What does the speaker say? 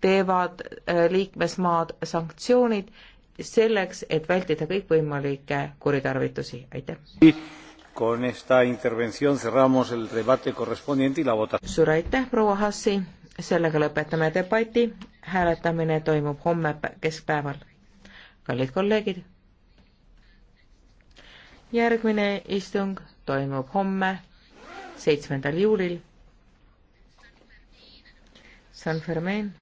teevad äh, liikmesmaad sanktsioonid selleks, et vältida kõikvõimalikke kuritarvitusi, aitäh. suur aitäh, proua Hassi, sellega lõpetame debati, hääletamine toimub homme keskpäeval. kallid kolleegid, järgmine istung toimub homme, seitsmendal juulil San Fermin